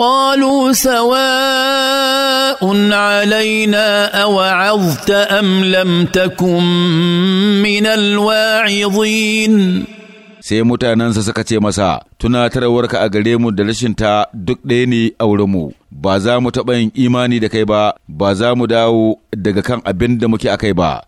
قالوا سواء علينا اوعظت ام لم تكن من الواعظين sai mutanensa suka ce masa tunatarwarka a gare mu da rashinta duk ɗaya ne a wurinmu ba za mu taɓa yin imani da kai ba ba za mu dawo daga kan abin da muke a kai ba